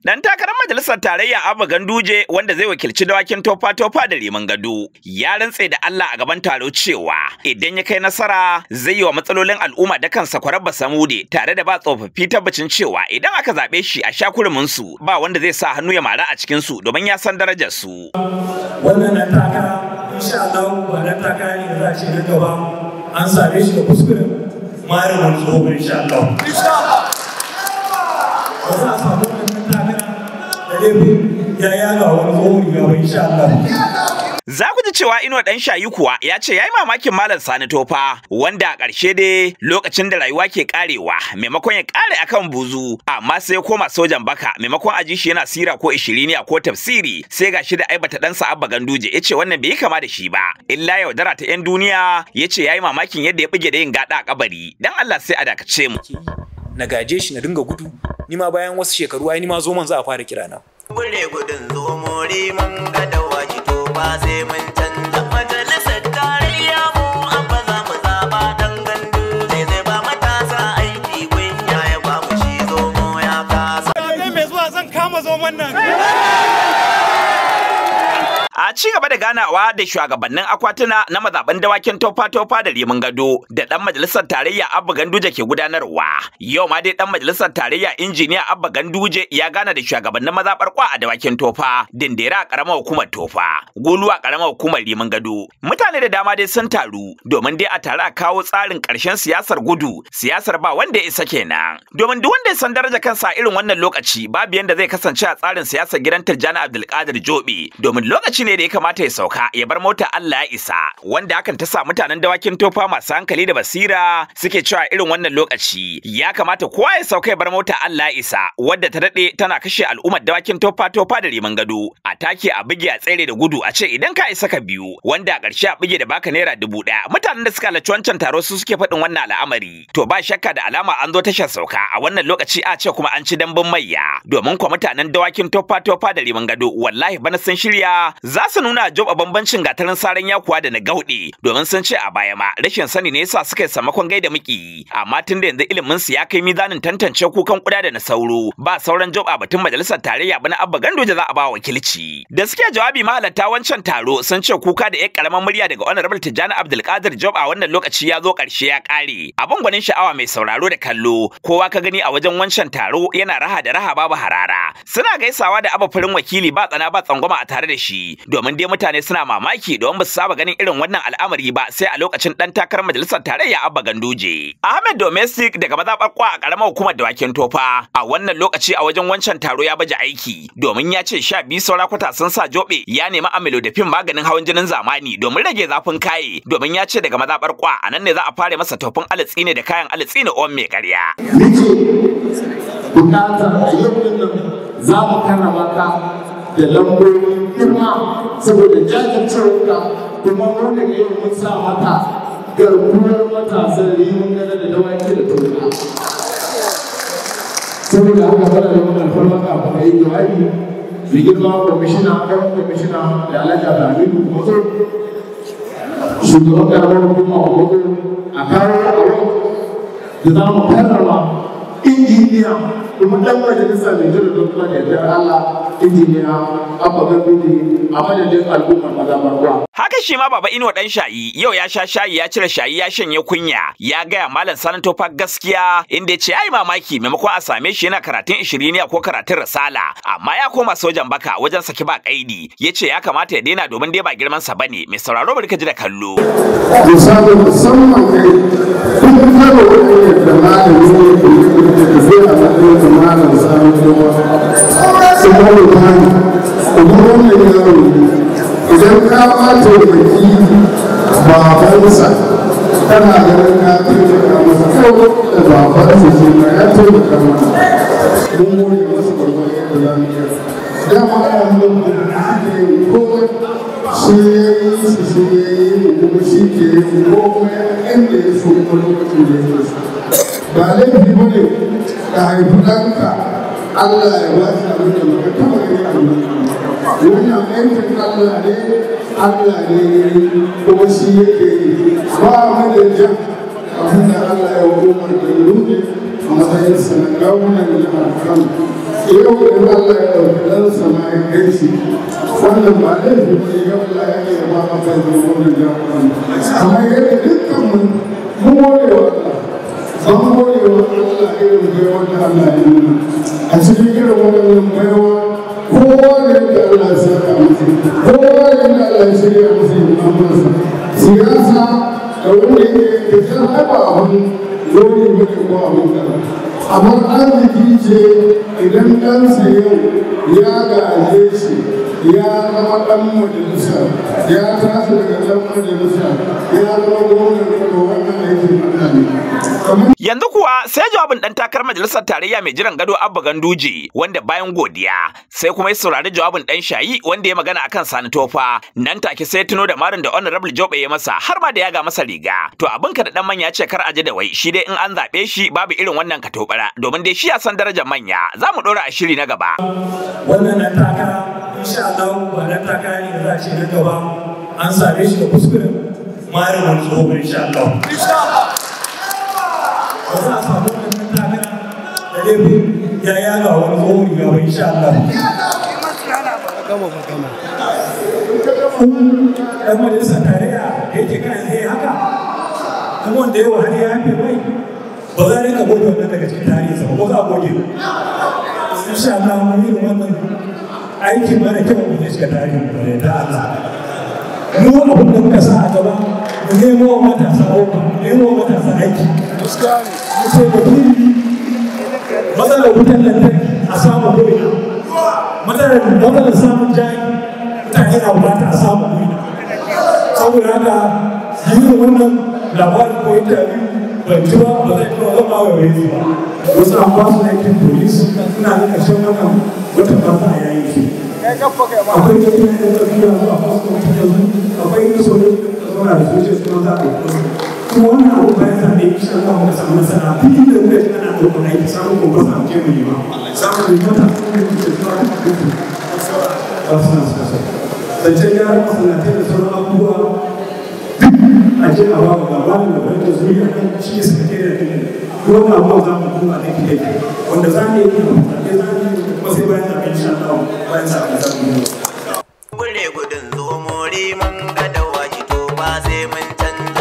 Dan takarar majalisar tarayya Abba Ganduje wanda zai wakilci dawakin tofa tofa da liman gado ya rantse da Allah a gaban taro cewa idan ya kai nasara zai yi wa matsalolin al'umma da kansa kwarabba samude tare da ba tsofaffi tabbacin cewa idan aka zaɓe shi a shakurumin su ba wanda zai sa hannu ya mara a cikin su domin ya san darajar su. Wannan na taka insha Allah wannan taka ne da za a gaba an sabe shi da kuskure. mai wani zo insha Allah. Insha Allah. Za ku ji cewa Ino ɗan shayi kuwa ya ce ya yi mamakin Malam Sani Tofa wanda a ƙarshe dai lokacin da rayuwa ke ƙarewa maimakon ya ƙare akan buzu amma sai ya koma sojan baka maimakon a shi yana sira ko ishiriniya ko tafsiri sai ga shi da aibata ɗansa Abba Ganduje ya ce wannan bai yi kama da shi ba illa yaudara ta 'yan duniya ya ce ya yi mamakin yadda ya buge da yin gaɗa a kabari dan Allah sai a dakace mu. Na gaje shi na dinga gudu ni ma bayan wasu shekaru ai ni ma zoman za a fara kira na bure gudun zomori mun ga dawaki to ba sai mun canza majalisar tarayya mu abba za mu zaba dan gandu zai zai ba matasa aiki kun ya ba mu shi zomo ya kasa ne mai zuwa zan kama zoman nan A ci gaba da ganawa da shugabannin akwatuna na mazaban dawakin tofa-tofa da liman gado da ɗan majalisar tarayya Abba Ganduje ke gudanarwa. Yau ma dai ɗan majalisar tarayya injiniya Abba Ganduje ya gana da shugabannin mazabar kwa a dawakin tofa, dindera a karamar hukumar tofa, gulu a karamar hukumar liman gado. Mutane da dama dai sun taru domin dai a tare a kawo tsarin karshen siyasar gudu, siyasar ba wanda ya isa kenan. Domin duk wanda ya san daraja kansa a irin wannan lokaci babu yanda zai kasance a tsarin siyasar gidan Tijjani Abdulkadir Jobe domin lokaci ne da ya kamata ya sauka ya bar mota Allah ya isa wanda hakan ta sa mutanen dawakin tofa masu hankali da basira suke cewa irin wannan lokaci ya kamata kowa ya sauka ya bar mota Allah ya isa wadda ta dade tana kashe al'ummar dawakin tofa tofa da riman gado a take a bige, a tsere da gudu a ce idan ka isa ka biyu wanda a ƙarshe a bige da baka naira dubu ɗaya mutanen da suka halarci wancan taro su suke faɗin wannan al'amari to ba shakka da alama an zo tashar sauka a wannan lokaci a ce kuma an ci dambun mayya domin kwa mutanen dawakin tofa tofa da riman gado wallahi bana sun shirya za kasa nuna job a bambancin gatarin saran yakuwa da na gauɗe domin sun ce a baya ma rashin sani ne yasa suka yi samakon gaida miki amma tun da yanzu ilimin su ya kai mizanin tantance kukan kuda da na sauro ba sauran job a batun majalisar tarayya bana abba gando da za a ba wakilci da suke jawabi mahalarta wancan taro sun ce kuka da yan karamar murya daga honorable tijjani abdulkadir job a wannan lokaci ya zo karshe ya kare. A gwanin sha'awa mai sauraro da kallo kowa ka gani a wajen wancan taro yana raha da raha babu harara suna gaisawa da abafarin wakili ba tsana ba tsangwama a tare da shi domin dai mutane suna mamaki don ba su saba ganin irin wannan al'amari ba sai a lokacin dan takarar majalisar tarayya Abba Ganduje. Ahmed Domestic daga mazaɓar kwa a ƙaramar hukumar dawakin tofa a wannan lokaci a wajen wancan taro ya baje aiki domin ya ce sha biyu saura kwata sun sa jobe ya nemi amilodafin maganin hawan jinin zamani domin rage zafin kaye domin ya ce daga mazaɓar kwa a nan ne za a fara masa tofin alatsi ne da kayan alatsi ne on mai ƙarya. Bukatar a yau za mu karrama ka da lambobi girma saboda jajircewarka kuma mu daga mun sa mata garkuwar matasan mun gana da dawaki da tuka saboda haka bana da wani alfarmar kafin a yi jawabi mai girma kwamishina ɗan kwamishina da alhaji abdulhamidu kuma shugaban karamar a gogo a kawo abin da za mu karrama injiniya kuma ɗan majalisa mai jiran dokar da Allah injiniya a madadin haka shi ma baba inuwa dan shayi yau ya sha shayi ya cire shayi ya shanye kunya ya gaya malam Sanato Park gaskiya inda ya ce yayi mamaki maimakon a same shi yana karatun ishiriniya ko karatun risala amma ya koma sojan baka wajen saki ba kaidi ya ce ya kamata ya daina domin dai ba girman sa bane mai sauraro bari ka ji da kallo. musamman kai wani sauro da zafa da su na ya taimaka mana don ya yi su shi ya yi kuma kuma ne Allah ne Allah kuma shi yake yi ba mu da abinda Allah ya hukumar gillu a matsayinsa na launin alfam yau in Allah ya ɗauki ɗansa ma ya kai shi wannan ba laifi ne ga Allah ya ke ba a kan wannan jagoran amma yadda dukkan mu mun gode wa Allah ban gode wa Allah irin baiwa da Allah ya nuna a cikin irin wannan baiwa kowa da yadda Allah ya saka musu kowa da yadda Allah ya shirya musu yi siyasa da wanda yake da san haɗa abin dole ne ko abin kaza amma arziki ce idan ɗansa yau ya gaje shi ya zama ɗan majalisa ya tashi daga ɗan majalisa ya zama gwamnan da wannan Yanzu kuwa sai jawabin ɗan takarar majalisar tarayya mai jiran gado Abba Ganduje wanda bayan godiya sai kuma ya saurari jawabin ɗan shayi wanda ya magana akan Sani Tofa nan take sai tuno da marin da Honorable Jobe ya masa har ma da ya ga masa riga. To abin ka da dan manya ce kar aje da wai shi dai in an zaɓe shi babu irin wannan katobara domin dai shi ya san darajar manya za mu ɗora a shiri na gaba. Wannan ɗan taka insha Allah ba ɗan taka ne da za a ce na gaba an same shi da kuskure marin wani zo insha Allah. gefe ya yaga wani tsohon ya bai sha Allah. Ɗan majalisar tarayya ya yake kan tsaye haka, kuma wanda ya wahala ya hafe mai ba za a rika goge wannan daga cikin tarihinsa ba ko za a goge. sha Allah mun yi wannan aikin mara kyau mu shiga tarihin bare da Allah. Mu abin da muka sa a gaba mu nemo matasa ko mu nemo matasa aiki. Mu sai da matsalar wutan lantarki a samu gobe matsalar matsalar samun jari mutane na bukata a samun gobe saboda haka yi wannan labarin ko interview ban ji ba ba zai kuma zama wa ba wasu an ba su aikin polis suna da ƙarshen wannan wata fata a yayin shi akwai jirgin da ya tafiya zuwa da wata yanzu akwai yin sojoji da zauna da sojoji kuma za a yi kuma wannan abu bayan sa ne insha Allah muka samu nasara da muka ji ana roƙon aiki samun gobe samu ke mai yiwa samun mai mata samun da kuke zuwa da kuke ba su nan suka so da sauran abubuwa a je a ba ga ba da ban da zuri kan shi suka ke da kai ko na ba za mu kuma da kike wanda za mu yi da za sai bayan sa insha Allah bayan sa ka samu gure gudun zo mori mun ga dawaji to ba sai mun canza